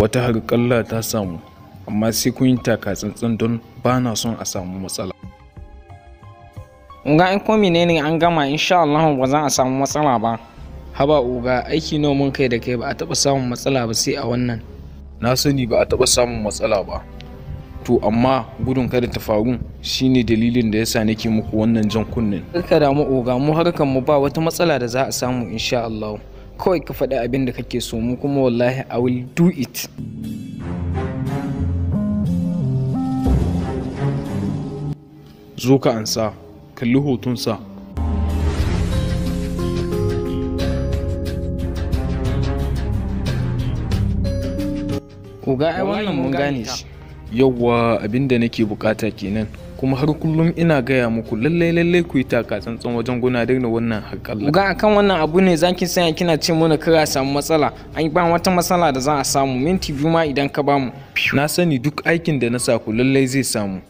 wata harƙalla ta samu amma sai kun yi taka tsantsan don ba na son a samu matsala Uga in ne menene an gama insha Allah ba za a samu matsala ba haba uga aiki noman kai da kai ba a taɓa samun matsala ba sai a wannan na sani ba a taɓa samun matsala ba to amma gudun kada ta faru shine dalilin da yasa nake muku wannan jan kunnen. Kada mu oga mu harkan mu ba wata matsala da za a samu insha Allah. kawai ka faɗi abin da kake so mu kuma wallahi i will do it zo ka ansa kalli hotunsa. Uga ai wannan mun gane shi. Yawwa abinda nake bukata kenan. kuma har kullum ina gaya muku lallai lallai ku yi taka tsantsan wajen gudanar da wannan harkar ga akan wannan abu ne zaki sanya kina ce mana kar a samu matsala an ba wata matsala da za a samu minti biyu ma idan ka bamu na sani duk aikin da na sa ku lallai zai samu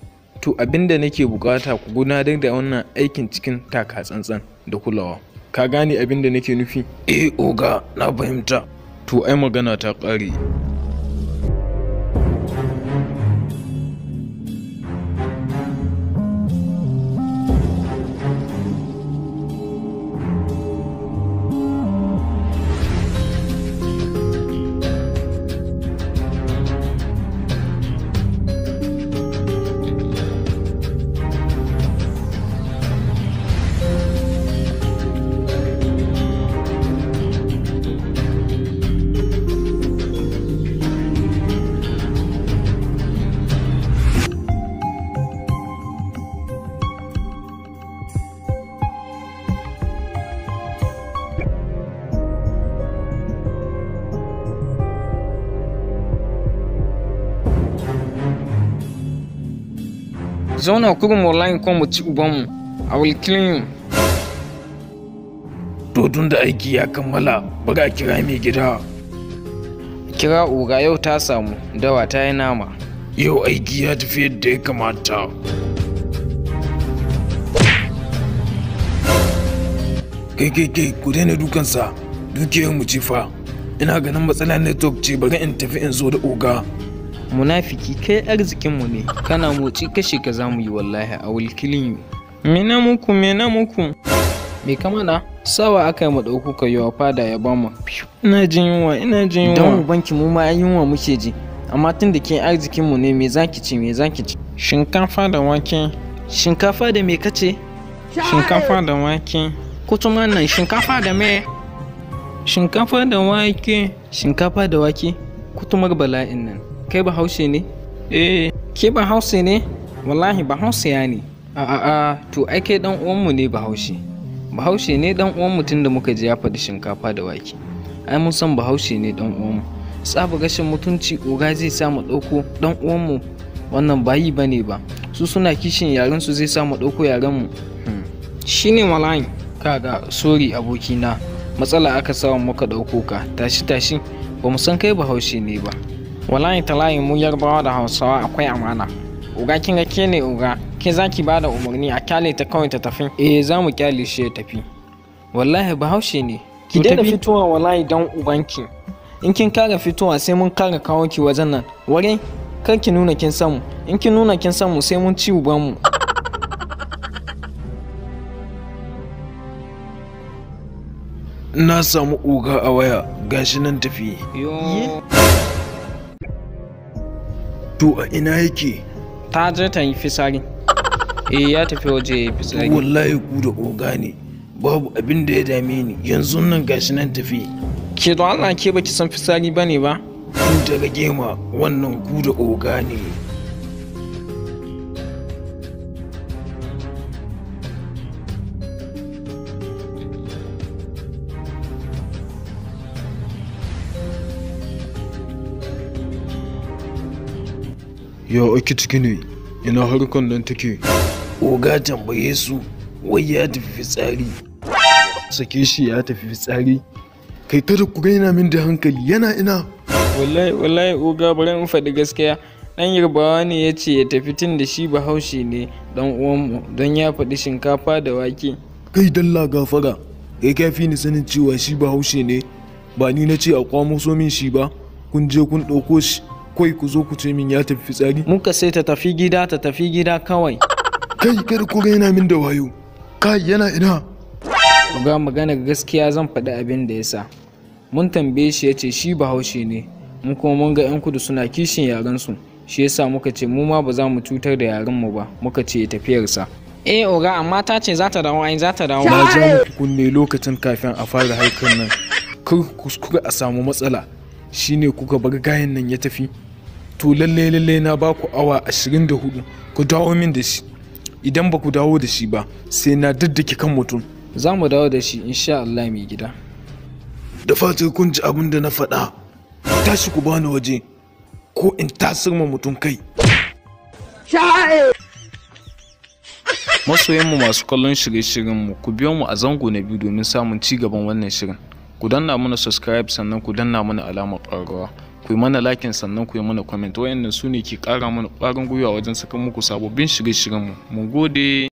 to abin da nake bukata ku gudanar da wannan aikin cikin taka tsantsan da kulawa ka gane abin da nake nufi eh oga na fahimta to ai magana ta ƙare zauna kurum wallahi ko mu ci ubanmu i will kill to tun da aiki ya kammala bari a kira mai gida kira oga yau ta samu dawa ta yi e nama yau aiki ya tafi yadda ya kamata kai kai kai ku daina dukansa dukiyar mu ce fa ina ganin matsalar network ce bari in tafi in zo da oga munafiki kai arzikinmu ne kana motsi kashe ka za mu yi wallahi a will yi. you mena muku mena muku me kama na sawa aka yi madauku ka yawa fada ya bamu ina jin yunwa ina jin yunwa don banki mu ma yunwa muke ji amma tun da ke arzikinmu ne me zaki ci me zaki ci shinkafa da wake shinkafa da me kace shinkafa da wake kutuma nan shinkafa da me shinkafa da wake shinkafa da wake kutumar bala'in nan kai bahaushe ne eh ke bahaushe ne wallahi ya ne a a a to ai dan uwanmu ne bahaushe bahaushe ne dan uwan mutum da muka je ya faɗi shinkafa da wake ai mun san bahaushe ne dan uwanmu tsabu gashin mutunci oga zai sa mu ɗauko dan uwanmu wannan bayi ba ne ba su suna kishin yaren su zai sa mu ɗauko yaren mu hmm. shine wallahi kaga sori abokina matsala aka samu muka ɗauko ka tashi tashi ba mu san kai bahaushe ne ba wallahi talayi mu yarbawa da hausawa akwai amana uga kin ga ke ne uga ke za ki bada umarni a kyale ta kawai ta tafi eh za mu kyale shi ya tafi wallahi bahaushe ne ki daina fitowa wallahi dan ubanki in kin kare fitowa sai mun kare kawo ki wajen nan ware kar ki nuna kin samu in kin nuna kin samu sai mun ci mu na samu uga a waya gashi nan tafi To a ina yake? Ta je ta yi fisari. Eh ya tafi waje ya yi fisari. Wallahi ku da oga ne. Babu abin da ya dame ni. Yanzu nan gashi nan tafi. Ke don Allah ke baki san fisari bane ba? Kun daga gema wannan ku da oga ne. Ya aiki ciki ne, ina harkar nan take. Oga tambaye su, wai ya tafi fitsari. Sake shi ya tafi fitsari. Kai kada ku gaina min da hankali yana ina. Wallahi wallahi oga bari in faɗi gaskiya. Ɗan yarbawa ne ya ce ya tafi tun da shi bahaushe ne dan uwanmu don ya faɗi shinkafa da wake. Kai dalla gafara, kai kafi ni sanin cewa shi bahaushe ne, ba ni na ce a kwamo so shi ba, kun je kun ɗauko shi. akwai ku zo ku ce min ya tafi fitsari muka sai ta tafi gida ta tafi gida kawai kai kada ku yana min da wayo kai yana ina ga magana gaskiya zan faɗi abin da ya sa mun tambaye shi ya ce shi bahaushe ne mun kuma mun ga 'yan kudu suna kishin yarensu shi yasa muka ce mu ma ba za mu cutar da yarenmu ba muka ce tafiyarsa eh oga amma ta ce za ta dawo ai za ta dawo na ja muku kunne lokacin kafin a fara haikar nan kar kuskure a samu matsala shine kuka bar gayan nan ya tafi to lalle lalle na ba ku awa 24 ku dawo min da shi idan ba ku dawo da shi ba sai na daddake kan mutum za mu dawo da shi insha Allah mai gida da fatan kun ji abin da na faɗa tashi ku bani waje ko in tasir ma mutum kai masoyanmu masu kallon shirye shiryen mu ku biyo mu a zango na biyu domin samun ci gaban wannan shirin ku danna mana subscribe sannan ku danna mana alamar ƙararrawa ku yi mana lakin sannan ku yi mana comment wayannan su ne ke kara mana kwarin gwiwa wajen saka muku sababbin shirye-shiryenmu mu gode